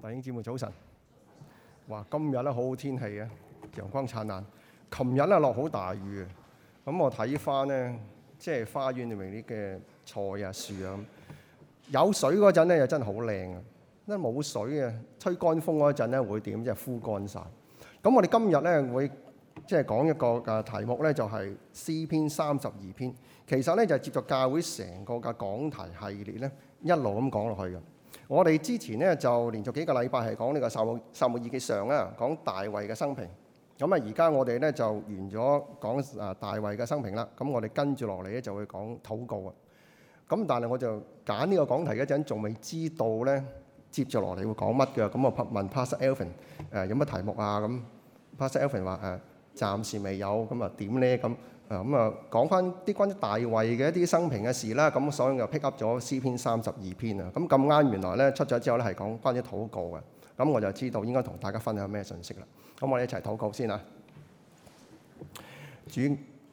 弟兄姊妹早晨，哇！今日咧好好天氣啊，陽光燦爛。琴日咧落好大雨啊，咁我睇翻咧，即係花園入面啲嘅菜啊、樹啊，有水嗰陣咧又真係好靚啊。但係冇水啊，吹乾風嗰陣咧會點？即係枯乾晒。咁我哋今日咧會即係講一個嘅題目咧，就係詩篇三十二篇。其實咧就係接續教會成個嘅講題系列咧，一路咁講落去嘅。我哋之前咧就連續幾個禮拜係講呢個《撒撒母耳記》上啦，講大衛嘅生平。咁啊，而家我哋咧就完咗講啊大衛嘅生平啦。咁我哋跟住落嚟咧就會講禱告啊。咁但係我就揀呢個講題嗰陣，仲未知道咧接住落嚟會講乜嘅。咁我問 Pastor Elvin 誒有乜題目啊？咁 Pastor Elvin 話誒暫時未有。咁啊點咧咁？啊咁啊，講翻啲關於大衞嘅一啲生平嘅事啦，咁、嗯、所以又 pick up 咗詩篇三十二篇啊。咁咁啱，原來咧出咗之後咧係講關於禱告嘅，咁、嗯、我就知道應該同大家分享咩信息啦。咁、嗯、我哋一齊禱告先啊！主，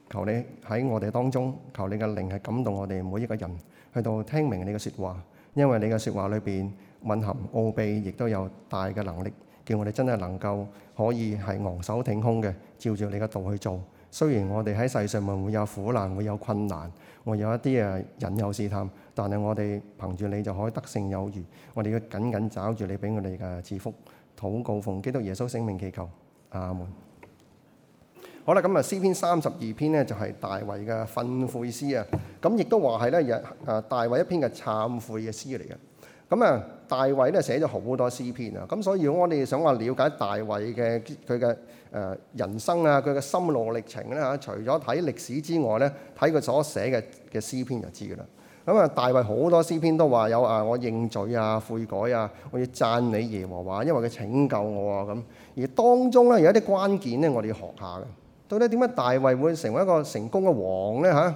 求你喺我哋當中，求你嘅靈係感動我哋每一個人去到聽明你嘅説話，因為你嘅説話裏邊蘊含奧秘，亦都有大嘅能力，叫我哋真係能夠可以係昂首挺胸嘅，照住你嘅道去做。雖然我哋喺世上會有苦難，會有困難，會有一啲誒引誘試探，但係我哋憑住你就可以得勝有餘。我哋要緊緊抓住你俾我哋嘅賜福，禱告奉基督耶穌聖名祈求，阿門。嗯、好啦，咁啊，詩篇三十二篇呢，就係、是、大衛嘅憤悔詩啊，咁亦都話係咧日誒大衛一篇嘅懺悔嘅詩嚟嘅。咁啊，大衛咧寫咗好多詩篇啊，咁所以我哋想話了解大衛嘅佢嘅誒人生啊，佢嘅心路歷程咧，除咗睇歷史之外咧，睇佢所寫嘅嘅詩篇就知噶啦。咁啊，大衛好多詩篇都話有啊，我認罪啊，悔改啊，我要讚你耶和華，因為佢拯救我啊咁。而當中咧有一啲關鍵咧，我哋要學下嘅。到底點解大衛會成為一個成功嘅王咧嚇？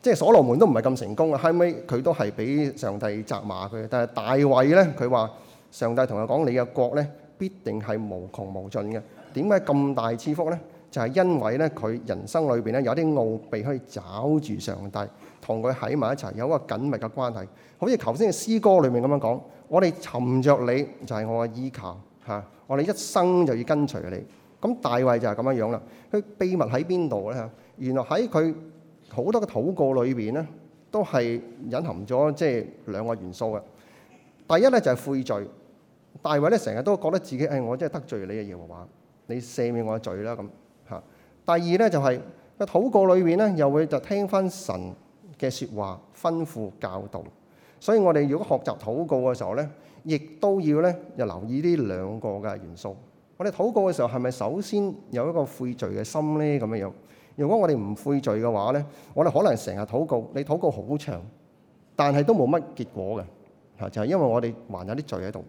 即係所羅門都唔係咁成功啊，後尾佢都係俾上帝責罵佢。但係大衛呢，佢話上帝同佢講：你嘅國呢必定係無窮無盡嘅。點解咁大賜福呢？就係、是、因為呢，佢人生裏邊呢，有啲奧秘可以找住上帝，同佢喺埋一齊，有一個緊密嘅關係。好似頭先嘅詩歌裏面咁樣講：我哋尋着你就係我嘅依靠嚇，我哋一生就要跟隨你。咁大衛就係咁樣樣啦。佢秘密喺邊度呢？原來喺佢。好多嘅禱告裏邊咧，都係隱含咗即係兩個元素嘅。第一咧就係悔罪，大衛咧成日都覺得自己誒、哎，我真係得罪你啊，耶和華，你赦免我嘅罪啦咁嚇。第二咧就係喺禱告裏邊咧，又會就聽翻神嘅説話吩咐教導。所以我哋如果學習禱告嘅時候咧，亦都要咧又留意呢兩個嘅元素。我哋禱告嘅時候係咪首先有一個悔罪嘅心咧？咁樣樣。如果我哋唔悔罪嘅話咧，我哋可能成日禱告，你禱告好長，但係都冇乜結果嘅，嚇就係因為我哋還有啲罪喺度。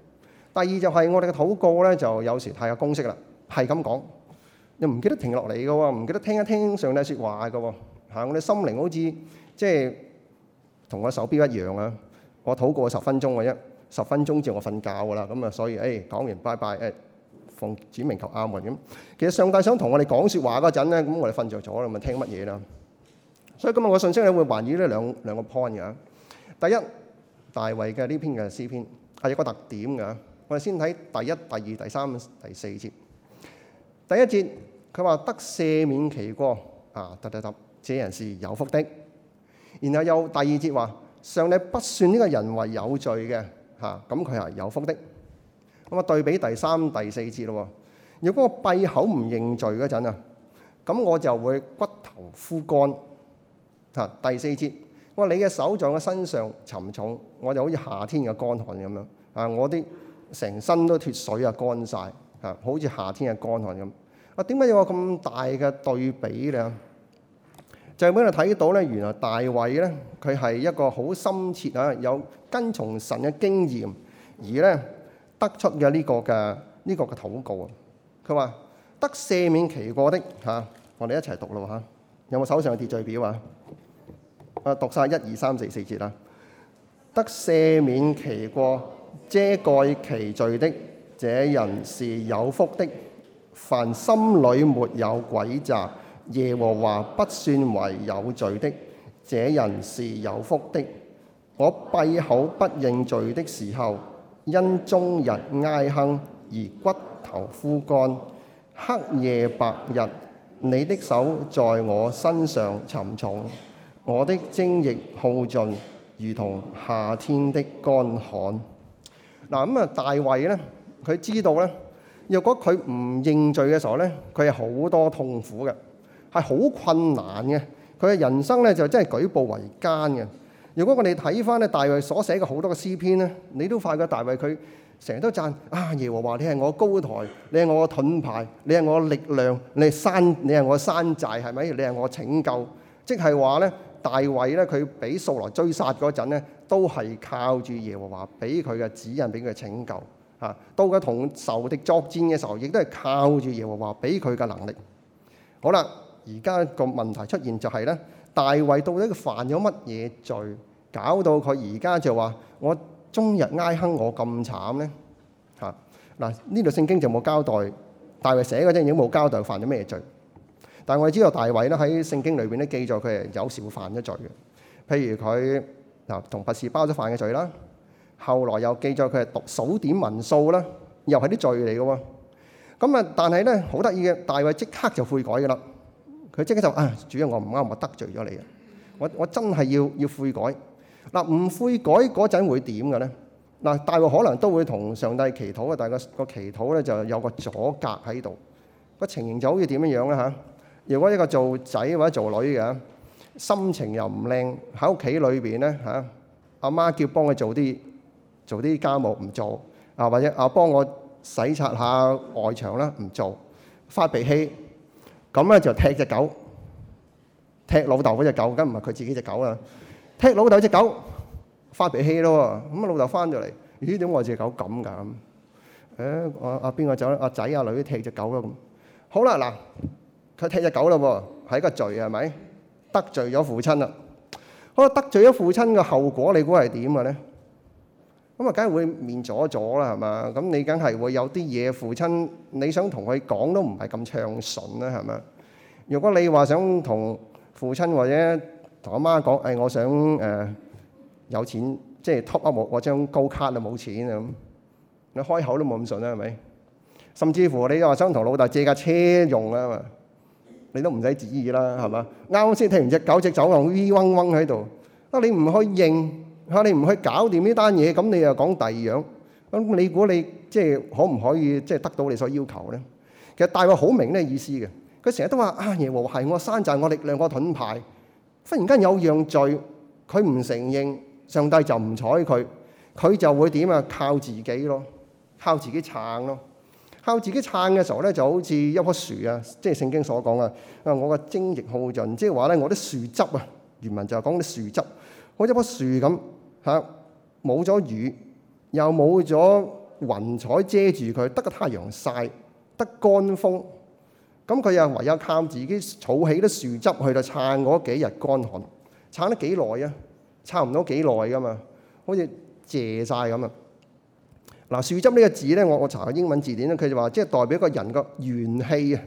第二就係我哋嘅禱告咧，就有時太有公式啦，係咁講，又唔記得停落嚟嘅喎，唔記得聽一聽上帝説話嘅喎，嚇我哋心靈好似即係同個手表一樣啊！我禱告十分鐘嘅啫十分鐘，至我瞓覺㗎啦，咁啊，所以誒講完拜拜誒。奉主明求，阿們。咁，其實上帝想同我哋講説話嗰陣咧，咁我哋瞓着咗，咁咪聽乜嘢啦？所以今日我信息你會環繞呢兩兩個 point 嘅。第一，大衛嘅呢篇嘅詩篇係有個特點嘅。我哋先睇第一、第二、第三、第四節。第一節佢話得赦免其過，啊得得得，這人是有福的。然後又第二節話，上帝不算呢個人為有罪嘅，吓咁佢係有福的。咁啊對比第三、第四節咯喎，如果我閉口唔認罪嗰陣啊，咁我就會骨頭枯乾嚇。第四節，我話你嘅手掌喺我身上沉重，我就好似夏天嘅乾旱咁樣啊！我啲成身都脫水啊，乾晒，嚇，好似夏天嘅乾旱咁。啊，點解有個咁大嘅對比咧？就係俾你睇到咧，原來大衛咧，佢係一個好深切嚇，有跟從神嘅經驗，而咧，得出嘅呢個嘅呢、這個嘅禱告佢話得赦免其過的嚇、啊，我哋一齊讀咯。嚇、啊。有冇手上嘅秩序表啊？啊，讀晒一二三四四節啦。得赦免其過，遮蓋其罪的這人是有福的。凡心裏沒有詭詐，耶和華不算為有罪的，這人是有福的。我閉口不認罪的時候，因終日唉哼而骨頭枯乾，黑夜白日，你的手在我身上沉重，我的精液耗盡，如同夏天的乾旱。嗱，咁啊，大衛咧，佢知道咧，若果佢唔認罪嘅時候咧，佢係好多痛苦嘅，係好困難嘅，佢嘅人生咧就真係舉步維艱嘅。如果我哋睇翻咧大衛所寫嘅好多嘅詩篇咧，你都發覺大衛佢成日都讚啊耶和華，你係我高台，你係我盾牌，你係我力量，你係山，你係我山寨，係咪？你係我拯救，即係話咧，大衛咧佢俾掃羅追殺嗰陣咧，都係靠住耶和華俾佢嘅指引，俾佢拯救。啊，到佢同仇敵作戰嘅時候，亦都係靠住耶和華俾佢嘅能力。好啦，而家個問題出現就係咧。大衛到底佢犯咗乜嘢罪，搞到佢而家就話我終日哀哼，我咁慘咧吓嗱？呢度聖經就冇交代，大衛寫嗰陣已經冇交代犯咗咩罪。但係我知道大衛咧喺聖經裏邊咧記載佢係有時會犯咗罪嘅，譬如佢嗱同拔示巴所犯嘅罪啦，後來又記載佢係讀數點民數啦，又係啲罪嚟嘅喎。咁啊，但係咧好得意嘅，大衛即刻就悔改嘅啦。佢即刻就啊，主啊，我唔啱，我得罪咗你啊！我我真係要要悔改嗱，唔、啊、悔改嗰陣會點嘅咧？嗱、啊，大眾可能都會同上帝祈禱啊。但係個個祈禱咧就有個阻隔喺度，個情形就好似點樣樣咧嚇？如果一個做仔或者做女嘅，心情又唔靚，喺屋企裏邊咧嚇，阿、啊、媽，媽叫幫佢做啲做啲家務唔做啊，或者啊幫我洗刷下外牆啦唔做，發脾氣。咁咧就踢隻狗，踢老豆嗰隻狗，梗唔係佢自己隻狗啦，踢老豆隻狗，發脾氣咯。咁啊，老豆翻咗嚟，咦？點解我隻狗咁噶？誒，阿阿邊個走咧？阿仔阿女踢隻狗咯。咁好啦，嗱，佢踢隻狗啦，係一個罪係咪？得罪咗父親啦。好啦，得罪咗父親嘅後果，你估係點嘅咧？咁啊，梗係會面阻阻啦，係嘛？咁你梗係會有啲嘢父親，你想同佢講都唔係咁暢順啦，係嘛？如果你話想同父親或者同阿媽講，誒、哎，我想誒、呃、有錢，即係 top up 我我張高卡啊，冇錢啊咁，你開口都冇咁順啦，係咪？甚至乎你話想同老豆借架車用啊嘛，你都唔使旨意啦，係嘛？啱先聽完隻狗隻走，戇 V 嗡嗡喺度，啊，你唔去認？嚇！你唔去搞掂呢單嘢，咁你又講第二樣。咁你估你即係可唔可以即係得到你所要求咧？其實大衛好明咧意思嘅。佢成日都話：啊，耶和華係我山寨，我力量，我盾牌。忽然間有樣罪，佢唔承認，上帝就唔睬佢。佢就會點啊？靠自己咯，靠自己撐咯，靠自己撐嘅時候咧，就好似一棵樹啊！即係聖經所講啊啊！我嘅精液耗盡，即係話咧，我啲樹汁啊。原文就係講啲樹汁，好似一棵樹咁。嚇，冇咗雨，又冇咗雲彩遮住佢，得個太陽曬，得乾風。咁佢又唯有靠自己儲起啲樹汁去到撐嗰幾日乾旱。撐得幾耐啊？撐唔到幾耐噶嘛？好似謝晒咁啊！嗱，樹汁呢個字咧，我我查個英文字典咧，佢就話即係代表一個人個元氣啊！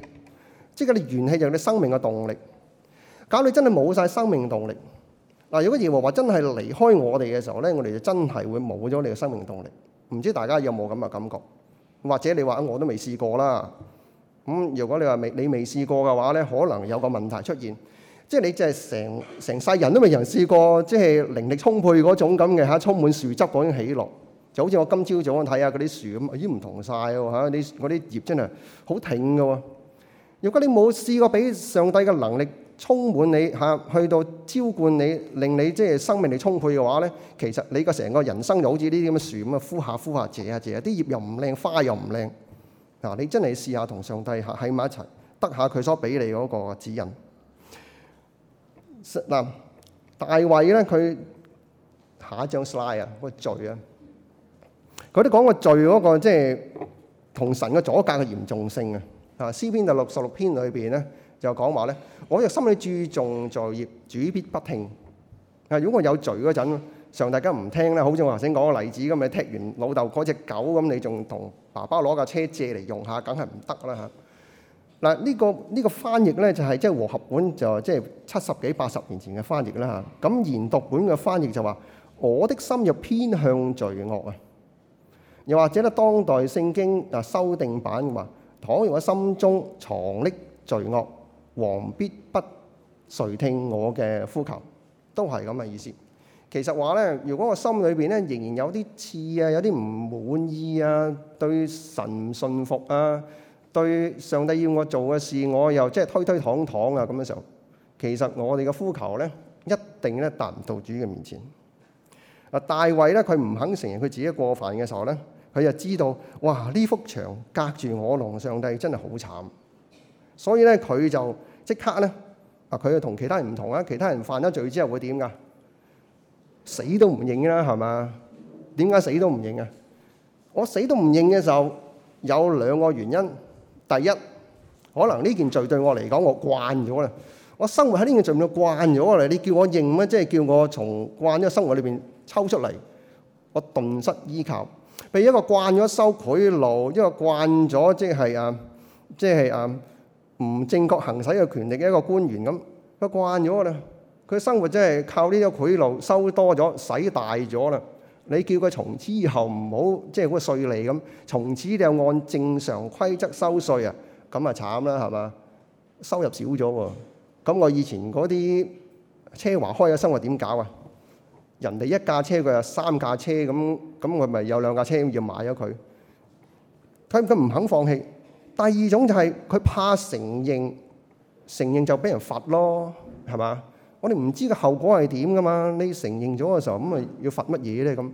即係嗰啲元氣就係你生命嘅動力。搞你真係冇晒生命動力。嗱，如果耶和華真係離開我哋嘅時候咧，我哋就真係會冇咗你嘅生命動力。唔知大家有冇咁嘅感覺？或者你話我都未試過啦。咁如果你話未你未試過嘅話咧，可能有個問題出現。即係你即係成成世人都未人試過，即係靈力充沛嗰種咁嘅嚇，充滿樹汁嗰種喜樂，就好似我今朝早咁睇下嗰啲樹咁，咦經唔同曬喎嚇！啲嗰啲葉真係好挺㗎喎。如果你冇試過俾上帝嘅能力，充滿你吓，去到澆灌你，令你即係生命力充沛嘅話咧，其實你個成個人生就好似呢啲咁嘅樹咁啊，枯下枯下，謝下謝下，啲葉又唔靚，花又唔靚。嗱，你真係試下同上帝吓喺埋一齊，得下佢所俾你嗰個指引。嗱，大衛咧，佢下一張 slide 啊，個罪啊，佢都講個罪嗰個即係同神嘅阻隔嘅嚴重性啊。啊，詩篇第六十六篇裏邊咧。就講話咧，我嘅心裏注重罪孽，主必不聽。啊，如果我有罪嗰陣，常大家唔聽咧。好似我頭先講個例子咁，你踢完老豆嗰隻狗咁，你仲同爸爸攞架車借嚟用下，梗係唔得啦嚇。嗱、這個，呢個呢個翻譯咧就係即係和合本就即係七十幾八十年前嘅翻譯啦嚇。咁研讀本嘅翻譯就話、是，我的心又偏向罪惡啊。又或者咧，當代聖經啊修訂版話，倘若我心中藏匿罪惡。王必不垂聽我嘅呼求，都係咁嘅意思。其實話咧，如果我心裏邊咧仍然有啲刺啊，有啲唔滿意啊，對神唔信服啊，對上帝要我做嘅事我又即係推推搪搪啊咁嘅時候，其實我哋嘅呼求咧一定咧達唔到主嘅面前。大衛咧，佢唔肯承認佢自己過犯嘅時候咧，佢就知道哇，呢幅牆隔住我同上帝真係好慘。所以咧，佢就即刻咧啊！佢就同其他人唔同啊。其他人犯咗罪之後會點噶？死都唔認啦，係嘛？點解死都唔認啊？我死都唔認嘅時候有兩個原因。第一，可能呢件罪對我嚟講，我慣咗啦。我生活喺呢件罪度慣咗嚟，你叫我認咩？即係叫我從慣咗生活裏邊抽出嚟，我頓失依靠，譬如一個慣咗收賄賂，一個慣咗即係啊，即係啊。唔正確行使嘅權力嘅一個官員咁，佢慣咗啦。佢生活真係靠呢啲賄賂收多咗，使大咗啦。你叫佢從此以後唔好即係嗰個稅利咁，從此你又按正常規則收稅啊，咁啊慘啦，係嘛？收入少咗喎，咁我以前嗰啲奢華開嘅生活點搞啊？人哋一架車佢有三架車咁，咁我咪有兩架車要買咗佢。佢佢唔肯放棄。第二種就係佢怕承認，承認就俾人罰咯，係嘛？我哋唔知個後果係點噶嘛？你承認咗嘅時候，咁咪要罰乜嘢咧？咁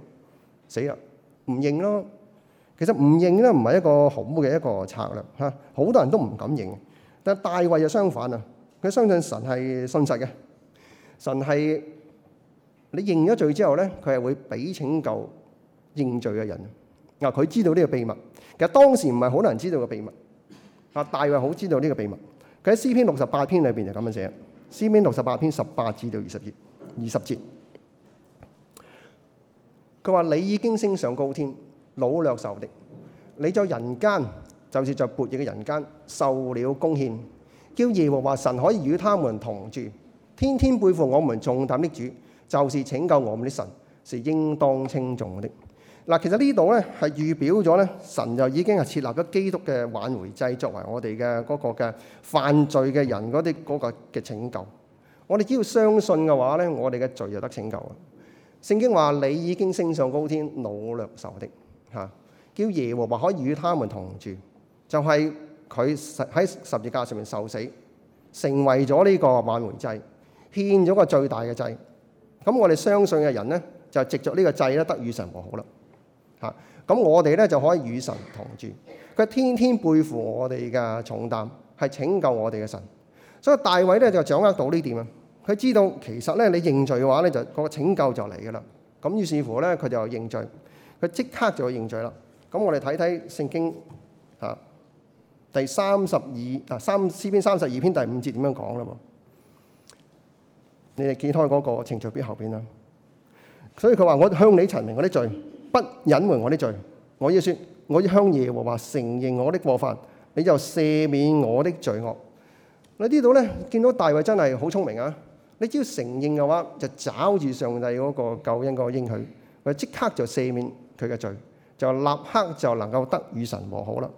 死啦，唔認咯。其實唔認咧，唔係一個好嘅一個策略，吓，好多人都唔敢認，但大衛就相反啊。佢相信神係信實嘅，神係你認咗罪之後咧，佢係會俾拯救認罪嘅人。嗱，佢知道呢個秘密，其實當時唔係好多人知道個秘密。大衛好知道呢個秘密。佢喺詩篇六十八篇裏邊就咁樣寫：詩篇六十八篇十八至到二十節，二十節。佢話：你已經升上高天，擄掠仇敵，你在人間就是在悖逆嘅人間受了供獻，叫耶和華神可以與他們同住，天天背負我們重擔的主，就是拯救我們的神，是應當稱頌的。」嗱，其實呢度咧係預表咗咧，神就已經係設立咗基督嘅挽回祭作為我哋嘅嗰個嘅犯罪嘅人嗰啲嗰個嘅拯救。我哋只要相信嘅話呢，我哋嘅罪就得拯救。聖經話：你已經升上高天，擄掠仇敵嚇，叫耶和華可以與他們同住。就係佢喺十字架上面受死，成為咗呢個挽回祭，獻咗個最大嘅祭。咁我哋相信嘅人呢，就藉著呢個祭咧，得與神和好啦。嚇！咁我哋咧就可以與神同住。佢天天背負我哋嘅重擔，係拯救我哋嘅神。所以大衛咧就掌握到呢點啊！佢知道其實咧你認罪嘅話咧就個拯救就嚟嘅啦。咁於是乎咧佢就認罪，佢即刻就會認罪啦。咁我哋睇睇聖經嚇第三十二啊三詩篇三十二篇第五節點樣講啦？你哋揭開嗰個程序表後邊啦。所以佢話：我向你陳明嗰啲罪。不隱瞞我啲罪，我要説，我要向耶和華承認我的過犯，你就赦免我的罪惡。你知道咧，見到大衛真係好聰明啊！你只要承認嘅話，就抓住上帝嗰個救恩嗰個應許，佢即刻就赦免佢嘅罪，就立刻就能夠得與神和好啦。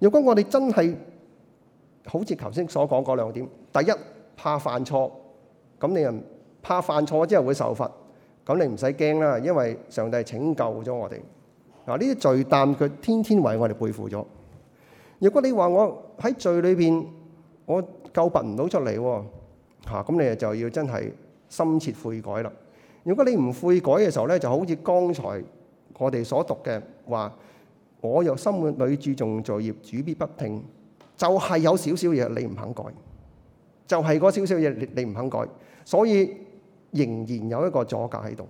如果我哋真係好似頭先所講嗰兩點，第一怕犯錯，咁你又怕犯錯之後會受罰，咁你唔使驚啦，因為上帝拯救咗我哋。嗱，呢啲罪擔佢天天為我哋背負咗。如果你話我喺罪裏邊我救拔唔到出嚟，嚇、啊、咁你就要真係深切悔改啦。如果你唔悔改嘅時候咧，就好似剛才我哋所讀嘅話，我又心裏注重罪孽，主必不聽。就係、是、有少少嘢你唔肯改，就係嗰少少嘢你唔肯改，所以。仍然有一個阻隔喺度。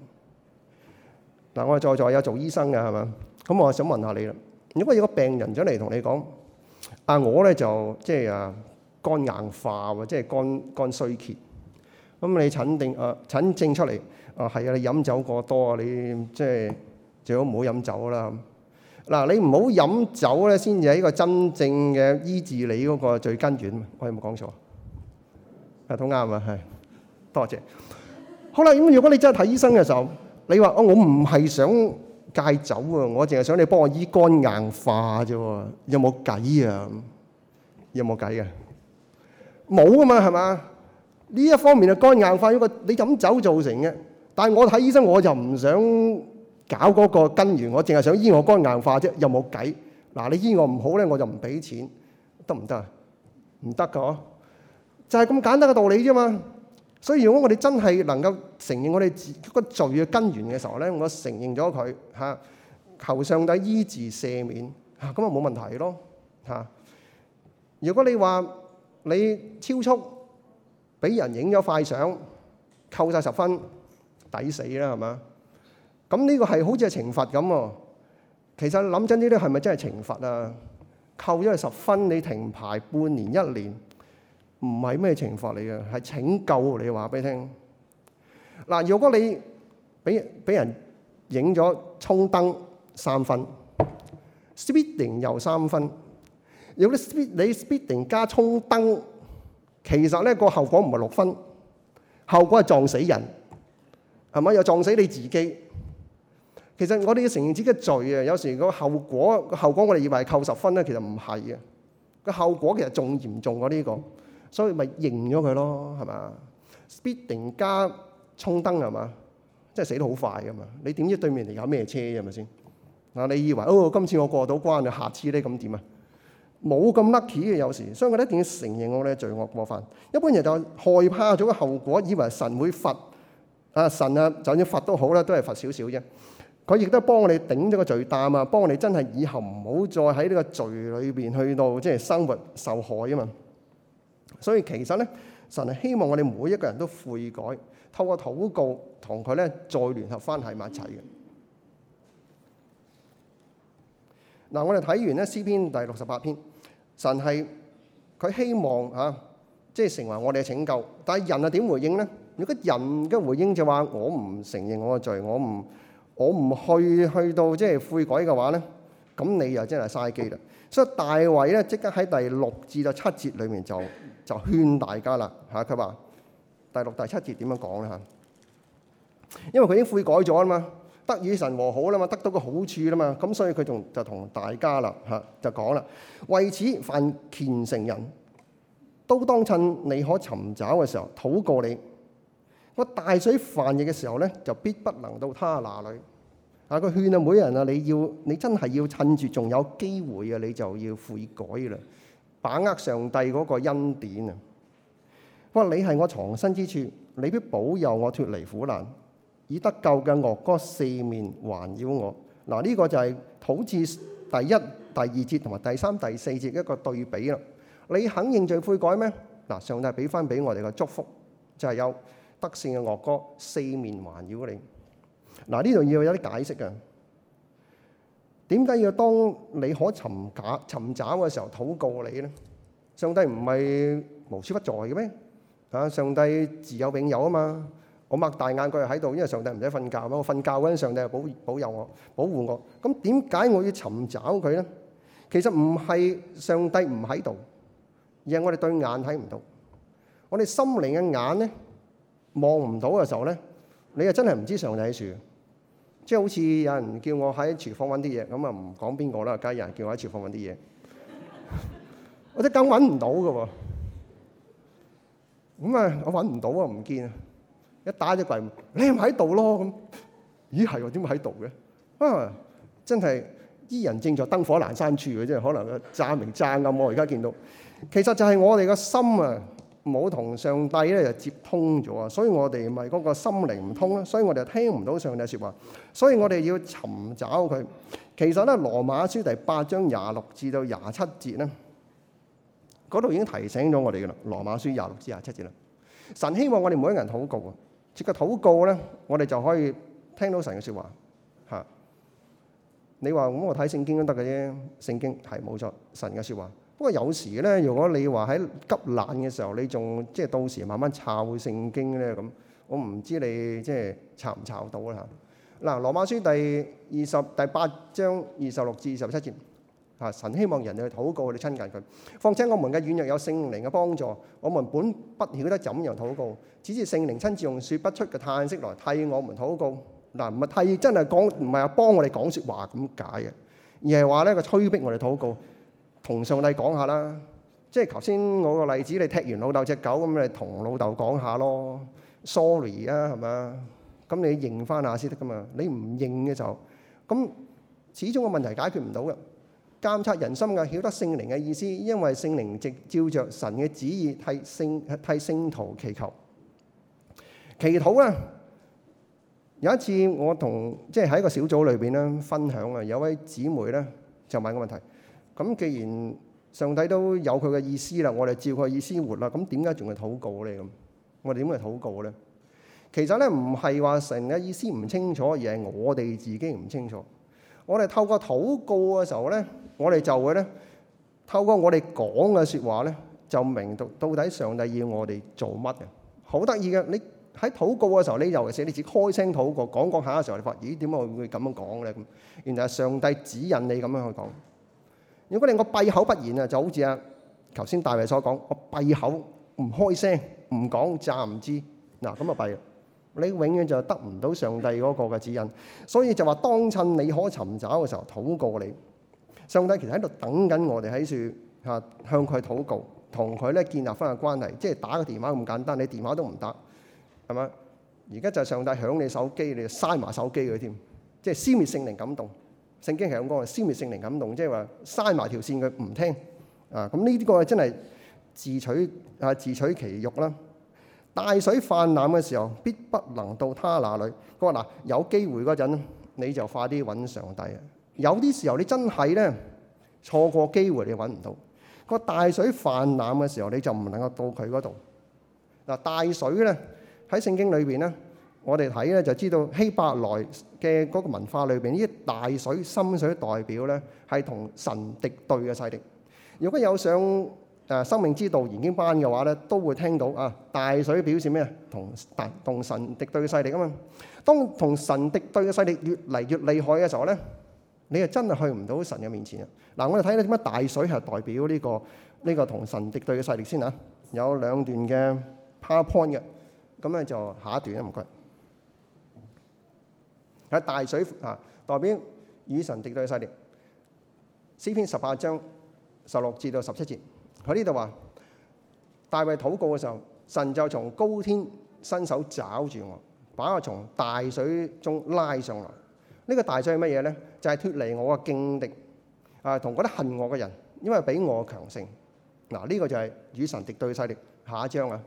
嗱，我哋在座有做醫生嘅係嘛？咁我想問下你啦。如果一個病人想嚟同你講：啊，我咧就即係啊肝硬化喎，即係肝肝衰竭。咁你診定啊診症出嚟啊係啊，你飲酒過多啊，你即係最好唔好飲酒啦。嗱，你唔好飲酒咧，先至係一個真正嘅醫治你嗰個最根源。我有冇講錯？啊都啱啊，係多謝。好啦，咁如果你真係睇醫生嘅時候，你話哦，我唔係想戒酒啊，我淨係想你幫我醫肝硬化啫，有冇計啊？有冇計啊？冇啊嘛，係嘛？呢一方面係，肝硬化呢個你飲酒造成嘅。但係我睇醫生，我就唔想搞嗰個根源，我淨係想醫我肝硬化啫，有冇計？嗱，你醫我唔好咧，我就唔俾錢，得唔得啊？唔得噶，就係咁簡單嘅道理啫嘛。所以如果我哋真係能夠承認我哋自己個罪嘅根源嘅時候咧，我承認咗佢嚇，求上帝醫治赦免嚇，咁就冇問題咯嚇。如果你話你超速，俾人影咗快相，扣晒十分，抵死啦係嘛？咁呢個係好似係懲罰咁喎、啊。其實諗真呢啲咧，係咪真係懲罰啊？扣咗係十分，你停牌半年一年。唔係咩懲罰嚟嘅，係拯救你話俾你聽。嗱，如果你俾俾人影咗衝燈三分，speeding 又三分，如果你 speed 你 speeding 加衝燈，其實咧個後果唔係六分，後果係撞死人，係咪？又撞死你自己。其實我哋要承認自己嘅罪啊，有時個後果個後果我哋以為係扣十分咧，其實唔係嘅，個後果其實仲嚴重過呢個。所以咪認咗佢咯，係嘛？Speeding 加衝燈係嘛？即係死得好快噶嘛！你點知對面嚟有咩車？係咪先？嗱，你以為哦，今次我過到關，下次咧咁點啊？冇咁 lucky 嘅有時，所以我哋一定要承認我咧罪惡過犯。一般人就害怕咗個後果，以為神會罰啊神啊，就算罰都好啦，都係罰少少啫。佢亦都幫我哋頂咗個罪擔啊，幫我哋真係以後唔好再喺呢個罪裏邊去到即係生活受害啊嘛。所以其實咧，神係希望我哋每一個人都悔改，透過禱告同佢咧再聯合翻喺埋一齊嘅嗱。我哋睇完咧詩篇第六十八篇，神係佢希望嚇，即係成為我哋嘅拯救。但係人啊點回應咧？如果人嘅回應就話我唔承認我嘅罪，我唔我唔去去到即係悔改嘅話咧，咁你又真係嘥機啦。所以大衛咧即刻喺第六至到七節裡面就。就勸大家啦嚇，佢話第六第七節點樣講咧嚇？因為佢已經悔改咗啊嘛，得與神和好啦嘛，得到個好處啦嘛，咁所以佢仲就同大家啦嚇，就講啦。為此凡虔誠人都當趁你可尋找嘅時候禱告你。我大水泛溢嘅時候咧，就必不能到他那裏。啊，佢勸啊，每人啊，你要你真係要趁住仲有機會啊，你就要悔改啦。把握上帝嗰個恩典啊！我你係我藏身之處，你必保佑我脫離苦難，以得救嘅樂歌四面環繞我。嗱，呢個就係《土字第一、第二節同埋第三、第四節一個對比啦。你肯認罪悔改咩？嗱，上帝俾翻俾我哋嘅祝福就係有得勝嘅樂歌四面環繞你。嗱，呢度要有啲解釋㗎。點解要當你可尋找尋找嘅時候禱告你咧？上帝唔係無處不在嘅咩？啊！上帝自有永有啊嘛！我擘大眼佢又喺度，因為上帝唔使瞓覺啊嘛！我瞓覺嗰陣，上帝又保保佑我、保護我。咁點解我要尋找佢咧？其實唔係上帝唔喺度，而係我哋對眼睇唔到。我哋心靈嘅眼咧望唔到嘅時候咧，你又真係唔知上帝喺處。即係好似有人叫我喺廚房揾啲嘢，咁啊唔講邊個啦。梗係有人叫我喺廚房揾啲嘢，我都梗揾唔到嘅喎。咁啊，我揾唔到啊，唔見啊，一打隻櫃，你唔喺度咯咁。咦係喎，點會喺度嘅？啊，真係伊人正在燈火闌珊處嘅，即係，可能乍明乍暗我而家見到。其實就係我哋個心啊。冇同上帝咧就接通咗啊，所以我哋咪嗰個心靈唔通啦，所以我哋聽唔到上帝說話，所以我哋要尋找佢。其實咧羅馬書第八章廿六至到廿七節咧，嗰度已經提醒咗我哋噶啦。羅馬書廿六至廿七節啦，神希望我哋每一個人禱告啊，透過禱告咧，我哋就可以聽到神嘅說話。吓，你話咁我睇聖經都得嘅啫，聖經係冇錯，神嘅說話。不過有時咧，如果你話喺急難嘅時候，你仲即係到時慢慢查聖經咧咁，我唔知你即係查唔查到啦吓。嗱，《羅馬書》第二十第八章二十六至二十七節，啊，神希望人哋去禱告，我哋親近佢。況且我們嘅軟弱有聖靈嘅幫助，我們本不曉得怎樣禱告，只是聖靈親自用說不出嘅嘆息來替我們禱告。嗱，唔係替，真係講，唔係話幫我哋講說話咁解嘅，而係話咧個催逼我哋禱告。同上帝講下啦，即係頭先我個例子，你踢完老豆隻狗咁，你同老豆講下咯，sorry 啊，係嘛？咁你認翻下先得噶嘛，你唔認嘅就咁，始終個問題解決唔到嘅。監察人心嘅曉得聖靈嘅意思，因為聖靈直照著神嘅旨意替聖替聖徒祈求。祈禱咧，有一次我同即係喺一個小組裏邊咧分享啊，有位姊妹咧就問個問題。咁既然上帝都有佢嘅意思啦，我哋照佢意思活啦。咁點解仲係禱告咧？咁我哋點解禱告咧？其實咧唔係話神嘅意思唔清楚，而係我哋自己唔清楚。我哋透過禱告嘅時候咧，我哋就會咧透過我哋講嘅説話咧，就明到到底上帝要我哋做乜嘢。好得意嘅，你喺禱告嘅時候咧，尤其是你自己開聲禱告講講下嘅時候，你發現，咦點解會咁樣講咧？咁原來上帝指引你咁樣去講。如果你我閉口不言啊，就好似啊頭先大衛所講，我閉口唔開聲唔講，詐唔知嗱，咁啊，弊啦，你永遠就得唔到上帝嗰個嘅指引，所以就話當趁你可尋找嘅時候禱告你，上帝其實喺度等緊我哋喺處嚇向佢禱告，同佢咧建立翻個關係，即係打個電話咁簡單，你電話都唔打係咪？而家就上帝響你手機，你就嘥埋手機佢添，即係消滅聖靈感動。聖經係咁講話消滅聖靈感動，即係話閂埋條線佢唔聽啊！咁呢啲個真係自取啊自取其辱啦！大、啊、水泛濫嘅時候，必不能到他那裡。佢話嗱，有機會嗰陣，你就快啲揾上帝啊！有啲時候你真係咧錯過機會，你揾唔到個大水泛濫嘅時候，你就唔、啊、能夠到佢嗰度嗱。大、啊、水咧喺聖經裏邊咧。我哋睇咧就知道，希伯來嘅嗰個嘅文化裏面，呢啲大水、深水代表咧係同神敵對嘅勢力。如果有上，生命之道，研經班嘅話，都會聽到，大水表示咩？同神敵對嘅喺大水啊，代表與神敵對嘅勢力。詩篇十八章十六至到十七節，喺呢度話大衛禱告嘅時候，神就從高天伸手抓住我，把我從大水中拉上來。呢、這個大水係乜嘢咧？就係、是、脫離我嘅勁敵啊，同嗰啲恨我嘅人，因為比我強盛。嗱、啊，呢、這個就係與神敵對嘅勢力。下一章啊！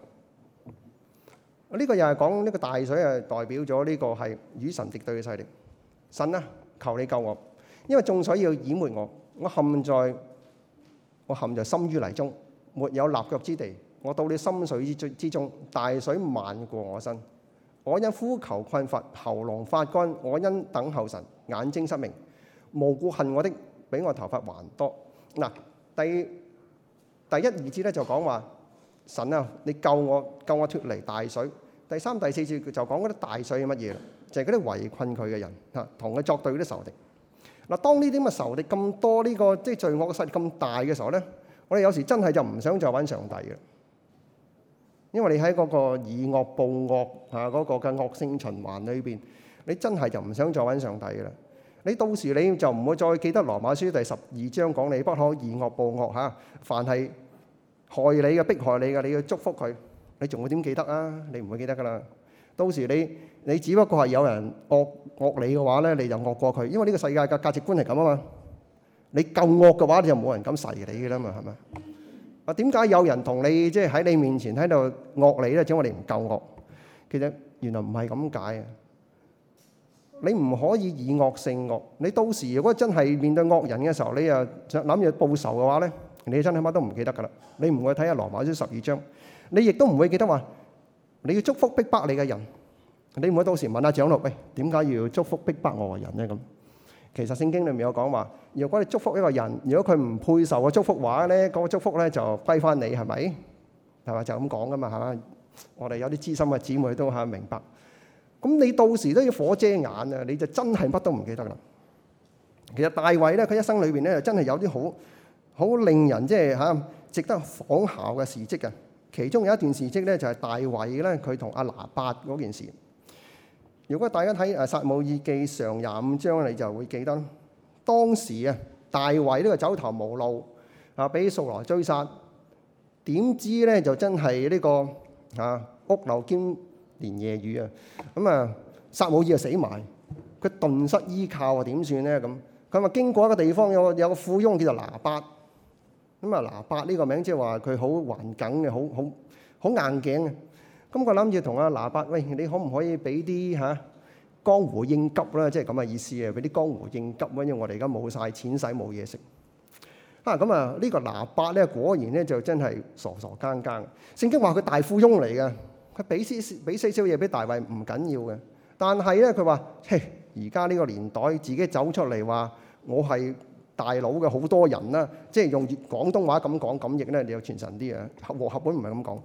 呢個又係講呢個大水啊，代表咗呢個係與神敵對嘅勢力。神啊，求你救我，因為眾水要淹沒我，我陷在，我陷在深淤泥中，沒有立腳之地。我到你深水之中，大水漫過我身。我因呼求困乏，喉嚨發乾；我因等候神，眼睛失明。無故恨我的，比我頭髮還多。嗱、啊，第二第一二節咧就講話：神啊，你救我，救我脱離大水。第三、第四節就講嗰啲大罪係乜嘢？就係嗰啲圍困佢嘅人嚇，同佢作對嗰啲仇敵。嗱，當呢啲咁嘅仇敵咁多，呢、這個即係罪惡嘅勢力咁大嘅時候呢，我哋有時真係就唔想再揾上帝嘅，因為你喺嗰個以惡報惡嚇嗰個嘅惡性循環裏邊，你真係就唔想再揾上帝嘅啦。你到時你就唔會再記得羅馬書第十二章講你不可以惡報惡嚇，凡係害你嘅、迫害你嘅，你要祝福佢。你仲會點記得啊？你唔會記得噶啦。到時你你只不過係有人惡惡你嘅話咧，你就惡過佢。因為呢個世界嘅價值觀係咁啊嘛。你夠惡嘅話，你就冇人敢噬你噶啦嘛，係咪？啊，點解有人同你即係喺你面前喺度惡你咧？只我哋唔夠惡，其實原來唔係咁解啊。你唔可以以惡勝惡。你到時如果真係面對惡人嘅時候，你啊就諗住報仇嘅話咧，你真係乜都唔記得噶啦。你唔會睇下羅馬書十二章。你亦都唔會記得話，你要祝福逼迫你嘅人。你唔會到時問阿長樂喂，點解要祝福逼迫我嘅人咧咁？其實聖經裏面有講話，如果你祝福一個人，如果佢唔配受個祝福話咧，嗰個祝福咧就歸翻你係咪？係嘛，就咁講噶嘛嚇。我哋有啲資深嘅姊妹都係明白。咁你到時都要火遮眼啊！你就真係乜都唔記得啦。其實大衛咧，佢一生裏邊咧真係有啲好好令人即係嚇值得仿效嘅事蹟嘅。其中有一段事蹟咧，就係、是、大衛咧，佢同阿拿八嗰件事。如果大家睇《誒撒母耳記》上廿五章，你就會記得當時啊，大衛呢個走投無路啊，俾掃羅追殺，點知咧就真係呢、這個啊屋漏兼連夜雨啊，咁啊撒母耳啊死埋，佢頓失依靠啊，點算咧咁？佢、啊、話經過一個地方有個有個富翁叫做拿八。咁啊！拿伯呢個名即係話佢好頑梗，嘅，好好好硬頸嘅。咁佢諗住同阿拿伯：「喂，你可唔可以俾啲嚇江湖應急啦？即係咁嘅意思啊！俾啲江湖應急，因為我哋而家冇晒錢使，冇嘢食。啊！咁、嗯、啊，這個、呢個拿伯咧，果然咧就真係傻傻更更。聖經話佢大富翁嚟嘅，佢俾少少俾少少嘢俾大衛唔緊要嘅，但係咧佢話：嘿，而家呢個年代自己走出嚟話我係。大佬嘅好多人啦，即係用廣東話咁講，咁亦咧，你又傳神啲啊？和合本唔係咁講，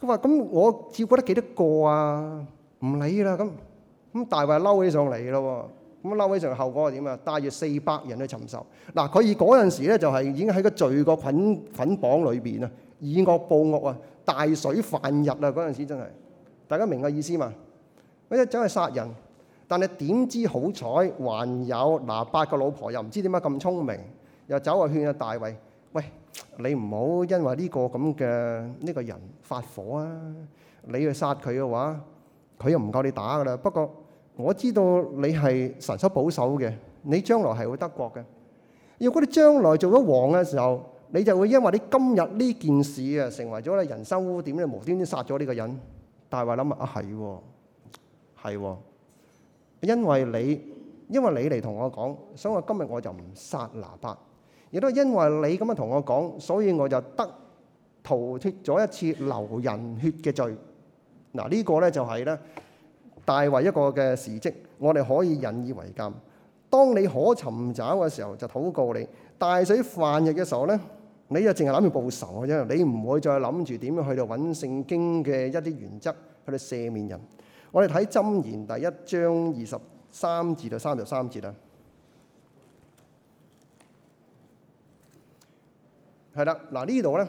佢話：咁我照顧得幾多個啊？唔理啦，咁咁大衞嬲起上嚟咯，咁嬲起上嚟後果係點啊？大約四百人去尋仇。嗱，佢以嗰陣時咧就係、是、已經喺個罪個捆捆綁裏邊啦，以惡報惡啊，大水泛入啊！嗰陣時真係，大家明個意思嘛？佢一走去殺人。但係點知好彩還有嗱八個老婆，又唔知點解咁聰明，又走嚟勸啊大衛，喂，你唔好因為呢個咁嘅呢個人發火啊！你去殺佢嘅話，佢又唔夠你打噶啦。不過我知道你係神心保守嘅，你將來係會得國嘅。如果你將來做咗王嘅時候，你就會因為你今日呢件事啊，成為咗你人生污點，你無端端殺咗呢個人。大衛諗啊，係喎，係喎。因為你，因為你嚟同我講，所以我今日我就唔殺拿八。亦都係因為你咁樣同我講，所以我就得逃脫咗一次流人血嘅罪。嗱，呢、這個呢就係、是、呢大衛一個嘅事蹟，我哋可以引以為鑑。當你可尋找嘅時候就禱告你，大水喺泛溢嘅時候呢，你就淨係諗住報仇嘅啫，你唔會再諗住點樣去到揾聖經嘅一啲原則去到赦免人。我哋睇《箴言》第一章二十三節到三十三節啊，係啦，嗱呢度咧，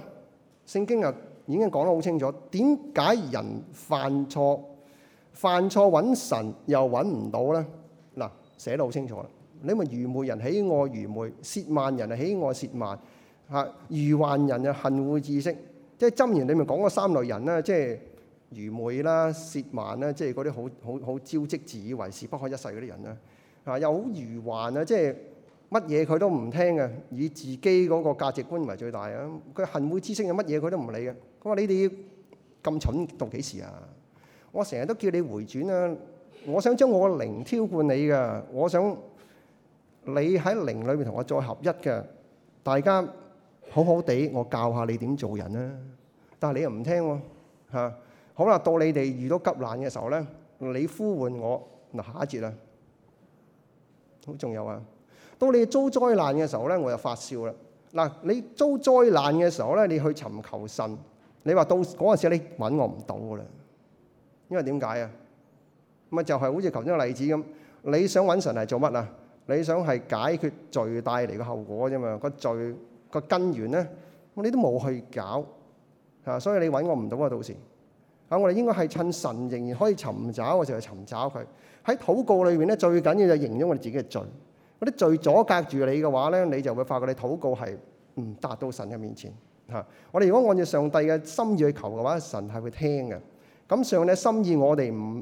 聖經啊已經講得好清楚，點解人犯錯、犯錯揾神又揾唔到咧？嗱寫得好清楚啦，你問愚昧人喜愛愚昧，褻慢人啊喜愛褻慢，嚇愚頑人啊恨惡知識，即係《箴言》裡面講嗰三類人咧，即係。愚昧啦、啊、褻慢啦、啊，即係嗰啲好好好招積自以為是、不可一世嗰啲人啦。啊！又好愚頑啊，即係乜嘢佢都唔聽嘅、啊，以自己嗰個價值觀為最大啊！佢恨惡知識係乜嘢佢都唔理嘅、啊。我話你哋咁蠢，到幾時啊？我成日都叫你回轉啊！我想將我個靈挑撥你嘅，我想你喺靈裏面同我再合一嘅。大家好好地，我教下你點做人啦、啊。但係你又唔聽喎、啊啊。好啦，到你哋遇到急難嘅時候咧，你呼喚我，嗱，下一節啦。好，仲有啊，到你遭災難嘅時候咧，我又發笑啦。嗱，你遭災難嘅時候咧，你去尋求神，你話到嗰陣時你揾我唔到噶啦，因為點解啊？咪就係好似頭先個例子咁，你想揾神嚟做乜啊？你想係解決罪帶嚟嘅後果啫嘛。個罪個根源咧，咁你都冇去搞吓，所以你揾我唔到啊！到時。啊！我哋應該係趁神仍然可以尋找嘅時候尋找佢。喺禱告裏面咧，最緊要就認咗我哋自己嘅罪，嗰啲罪阻隔住你嘅話咧，你就會發覺你禱告係唔達到神嘅面前嚇。我哋如果按照上帝嘅心意去求嘅話，神係會聽嘅。咁上帝嘅心意我哋唔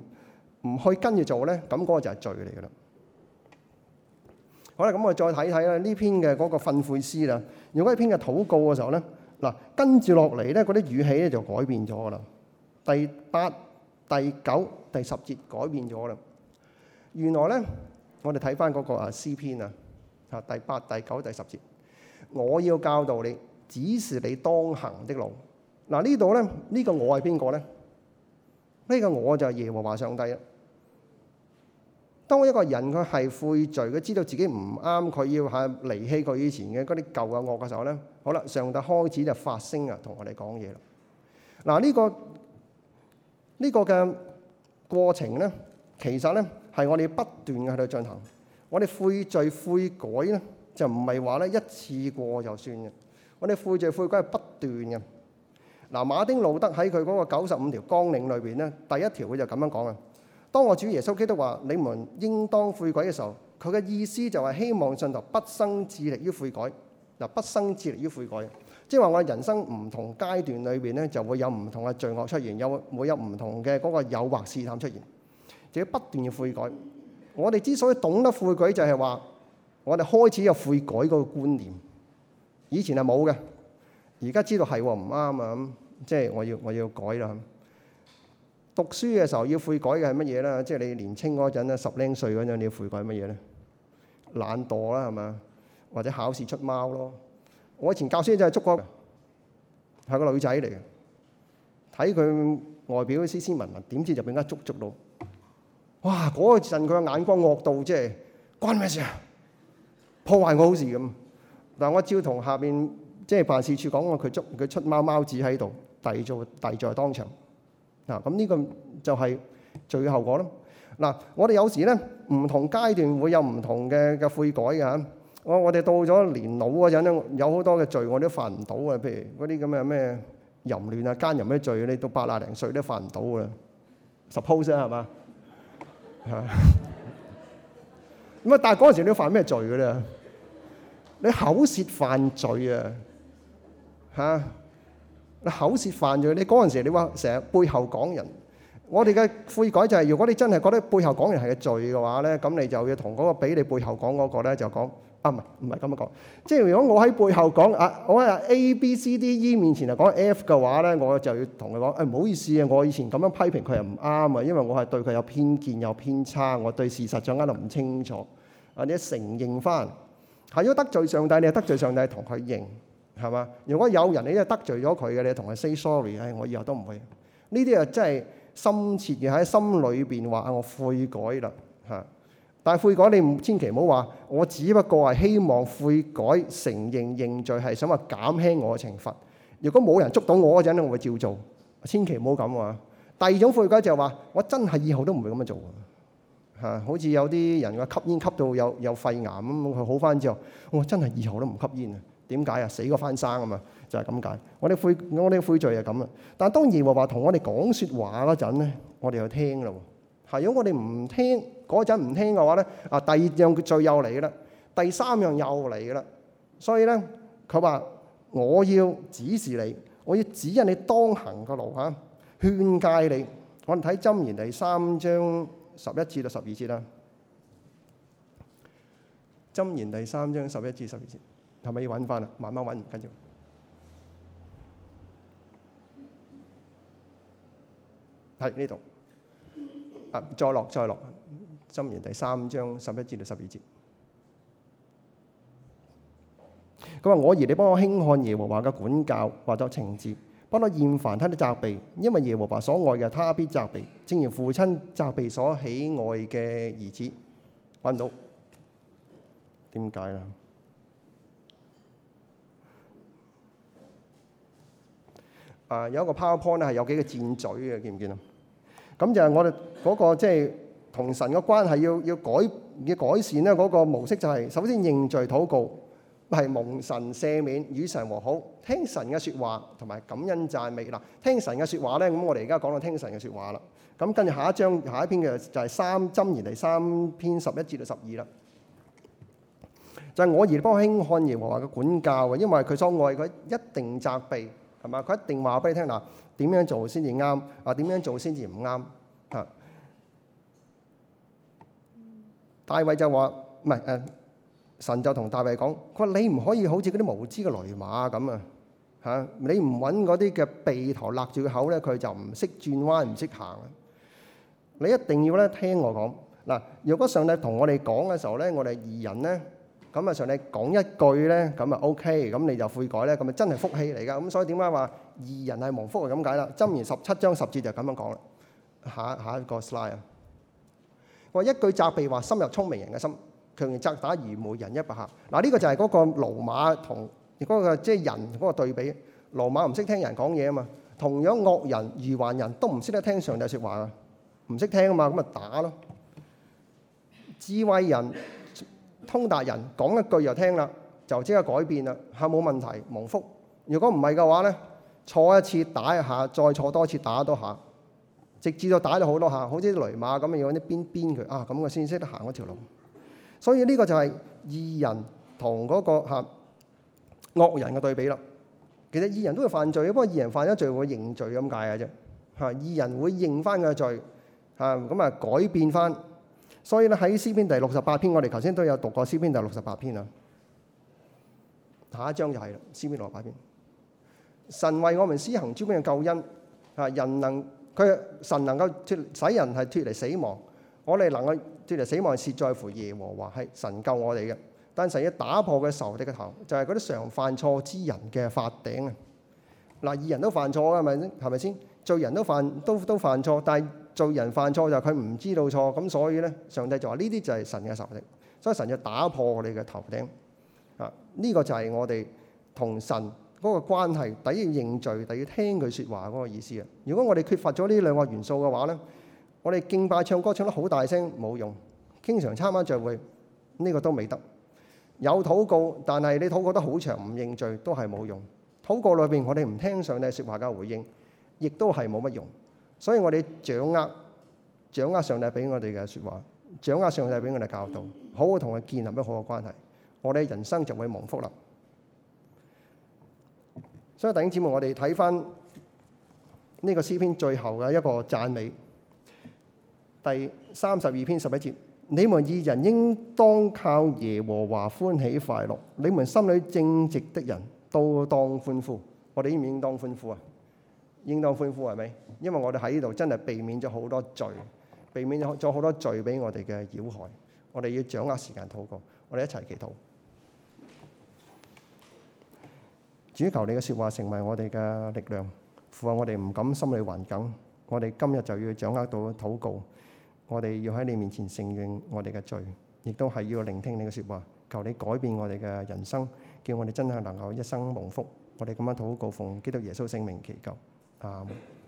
唔去跟住做咧，咁、那、嗰個就係罪嚟㗎啦。好啦，咁我哋再睇睇啦，呢篇嘅嗰個懺悔詩啦。如果係篇嘅禱告嘅時候咧，嗱跟住落嚟咧嗰啲語氣咧就改變咗㗎啦。第八、第九、第十節改變咗啦。原來呢，我哋睇翻嗰個啊詩篇啊，嚇第八、第九、第十節，我要教導你，指示你當行的路。嗱呢度呢，呢個我係邊個呢？呢個我就係耶和華上帝啦。當一個人佢係悔罪，佢知道自己唔啱，佢要係離棄佢以前嘅嗰啲舊嘅惡嘅時候呢。好啦，上帝開始就發聲啊，同我哋講嘢啦。嗱呢個。呢個嘅過程呢，其實呢，係我哋不斷嘅喺度進行。我哋悔罪悔改呢，就唔係話呢一次過就算嘅。我哋悔罪悔改係不斷嘅。嗱，馬丁路德喺佢嗰個九十五條綱領裏邊呢，第一條佢就咁樣講啊：當我主耶穌基督話你們應當悔改嘅時候，佢嘅意思就係希望信徒畢生致力於悔改。嗱，畢生致力於悔改。即係話我人生唔同階段裏邊咧，就會有唔同嘅罪惡出現，有會有唔同嘅嗰個誘惑試探出現，就要不斷要悔改。我哋之所以懂得悔改就，就係話我哋開始有悔改嗰個觀念。以前係冇嘅，而家知道係喎，唔啱啊，咁，即係我要我要改啦。讀書嘅時候要悔改嘅係乜嘢咧？即係你年輕嗰陣咧，十零歲嗰陣你要悔改乜嘢咧？懶惰啦係嘛，或者考試出貓咯。我以前教書就係捉過嘅，係個女仔嚟嘅，睇佢外表斯斯文文，點知就俾人家捉捉到，哇！嗰陣佢嘅眼光惡到即係關咩事啊？破壞我好事咁。但，我照同下面即係辦事處講過，佢捉佢出貓貓紙喺度，抵在抵在當場。嗱，咁呢個就係最後果啦。嗱，我哋有時咧唔同階段會有唔同嘅嘅悔改嘅㗎。我哋到咗年老嗰陣咧，有好多嘅罪我都犯唔到啊。譬如嗰啲咁嘅咩淫亂啊、奸淫咩罪你到八廿零歲都犯唔到嘅。Suppose 啊，係嘛？係咁啊，但係嗰陣時你都犯咩罪嘅咧？你口舌犯罪啊，嚇！你口舌犯罪，你嗰陣時你話成日背後講人，我哋嘅悔改就係、是，如果你真係覺得背後講人係個罪嘅話咧，咁你就要同嗰個俾你背後講嗰個咧就講。啊，唔係唔係咁樣講，即係如果我喺背後講啊，我喺 A、B、C、D、E 面前嚟講 F 嘅話咧，我就要同佢講，誒、哎、唔好意思啊，我以前咁樣批評佢係唔啱啊，因為我係對佢有偏見有偏差，我對事實掌握得唔清楚，或、啊、者承認翻，係、啊、如果得罪上帝，你係得罪上帝，同佢認係嘛？如果有人你係得罪咗佢嘅，你同佢 say sorry，誒、哎、我以後都唔會。呢啲啊真係深切嘅喺心裏邊話，我悔改啦嚇。但係悔改，你千祈唔好話我，只不過係希望悔改、承認認罪，係想話減輕我嘅懲罰。如果冇人捉到我嗰陣，我會照做。千祈唔好咁啊！第二種悔改就係話，我真係以後都唔會咁樣做啊！嚇，好似有啲人話吸煙吸到有有肺癌咁，佢好返之後，我真係以後都唔吸煙啊！點解啊？死過返生啊嘛，就係咁解。我哋悔我哋悔罪係咁啊！但當耶和華同我哋講説話嗰陣咧，我哋又聽啦。係如果我哋唔聽？嗰陣唔聽嘅話咧，啊，第二樣佢最又嚟啦，第三樣又嚟啦，所以咧，佢話我要指示你，我要指引你當行嘅路。嚇，勸戒你。我哋睇箴言第三章十一節到十二節啦。箴言第三章十一節至十二節，係咪要揾翻啊？慢慢揾唔緊要。喺呢度啊，再落再落。箴言第三章十一至到十二節，佢話：我兒，你幫我輕看耶和華嘅管教，或者情節，幫我厭煩他的責備，因為耶和華所愛嘅，他必責備，正如父親責備所喜愛嘅兒子。揾唔到點解啦？啊，有一個 PowerPoint 咧，係有幾個箭嘴嘅，見唔見啊？咁就係我哋嗰、那個即係。就是同神嘅關係要要改要改善咧，嗰個模式就係首先認罪禱告，係蒙神赦免，與神和好，聽神嘅說話，同埋感恩讚美啦。聽神嘅說話咧，咁我哋而家講到聽神嘅說話啦。咁跟住下一章下一篇嘅就係三針而嚟，三篇十一至到十二啦。就係我兒幫兄看耶和華嘅管教嘅，因為佢所愛佢一定責備，係嘛？佢一定話俾你聽嗱，點樣做先至啱啊？點樣做先至唔啱啊？大衛就話唔係誒，神就同大衛講，佢話你唔可以好似嗰啲無知嘅騾馬咁啊吓，你唔揾嗰啲嘅轡頭勒住個口咧，佢就唔識轉彎唔識行啊！你一定要咧聽我講嗱，如果上帝同我哋講嘅時候咧，我哋愚人咧，咁啊上帝講一句咧，咁啊 OK，咁你就悔改咧，咁啊真係福氣嚟噶，咁所以點解話愚人係無福係咁解啦？箴言十七章十節就咁樣講啦。下下一個 slide 啊。話一句責備話深入聰明人嘅心，強如責打愚昧人一百下。嗱、啊、呢、這個就係嗰個騾馬同嗰、那個即係、就是、人嗰個對比。騾馬唔識聽人講嘢啊嘛，同樣惡人愚頑人都唔識得聽上帝説話啊，唔識聽啊嘛，咁咪打咯。智慧人、通達人講一句又聽啦，就即刻改變啦，嚇冇問題蒙福。如果唔係嘅話咧，錯一次打一下，再錯多次打多下。直至到打咗好多下，好似雷馬咁樣，揾啲鞭鞭佢啊。咁我先識得行嗰條路，所以呢個就係義人同嗰、嗰個嚇惡、啊、人嘅對比啦。其實義人都會犯罪，不過義人犯咗罪會認罪咁解嘅啫嚇。義人會認翻個罪嚇，咁啊改變翻。所以咧喺詩篇第六十八篇，我哋頭先都有讀過詩篇第六十八篇啊。下一章就係啦，詩篇六十八篇，神為我們施行諸般嘅救恩嚇、啊，人能。佢神能夠脱使人係脱離死亡，我哋能夠脱離死亡是在乎耶和華係神救我哋嘅。但神要打破佢仇敵嘅頭就係嗰啲常犯錯之人嘅法頂啊！嗱，二人都犯錯啊，係咪先？係咪先？罪人都犯都都犯錯，但係罪人犯錯就係佢唔知道錯，咁所以咧，上帝就話呢啲就係神嘅仇敵，所以神要打破我哋嘅頭頂啊！呢個就係我哋同神。嗰個關係，第一要認罪，第二要聽佢説話嗰個意思啊！如果我哋缺乏咗呢兩個元素嘅話呢，我哋敬拜唱歌唱得好大聲冇用，經常參加聚會呢個都未得，有禱告但係你禱告得好長唔認罪都係冇用，禱告裏邊我哋唔聽上帝説話嘅回應，亦都係冇乜用。所以我哋掌握掌握上帝俾我哋嘅説話，掌握上帝俾我哋教導，好好同佢建立一個好嘅關係，我哋人生就會蒙福啦。所以弟兄姐妹，我哋睇翻呢個詩篇最後嘅一個讚美，第三十二篇十一節：你們二人應當靠耶和華歡喜快樂，你們心裡正直的人都當歡呼。我哋應唔應當歡呼啊？應當歡呼係咪？因為我哋喺呢度真係避免咗好多罪，避免咗好多罪俾我哋嘅擾害。我哋要掌握時間禱告，我哋一齊祈禱。」主求你嘅說話成為我哋嘅力量，扶我哋唔敢心理環境。我哋今日就要掌握到禱告，我哋要喺你面前承認我哋嘅罪，亦都係要聆聽你嘅說話。求你改變我哋嘅人生，叫我哋真係能夠一生蒙福。我哋咁樣禱告，奉基督耶穌聖名祈求，阿、啊門。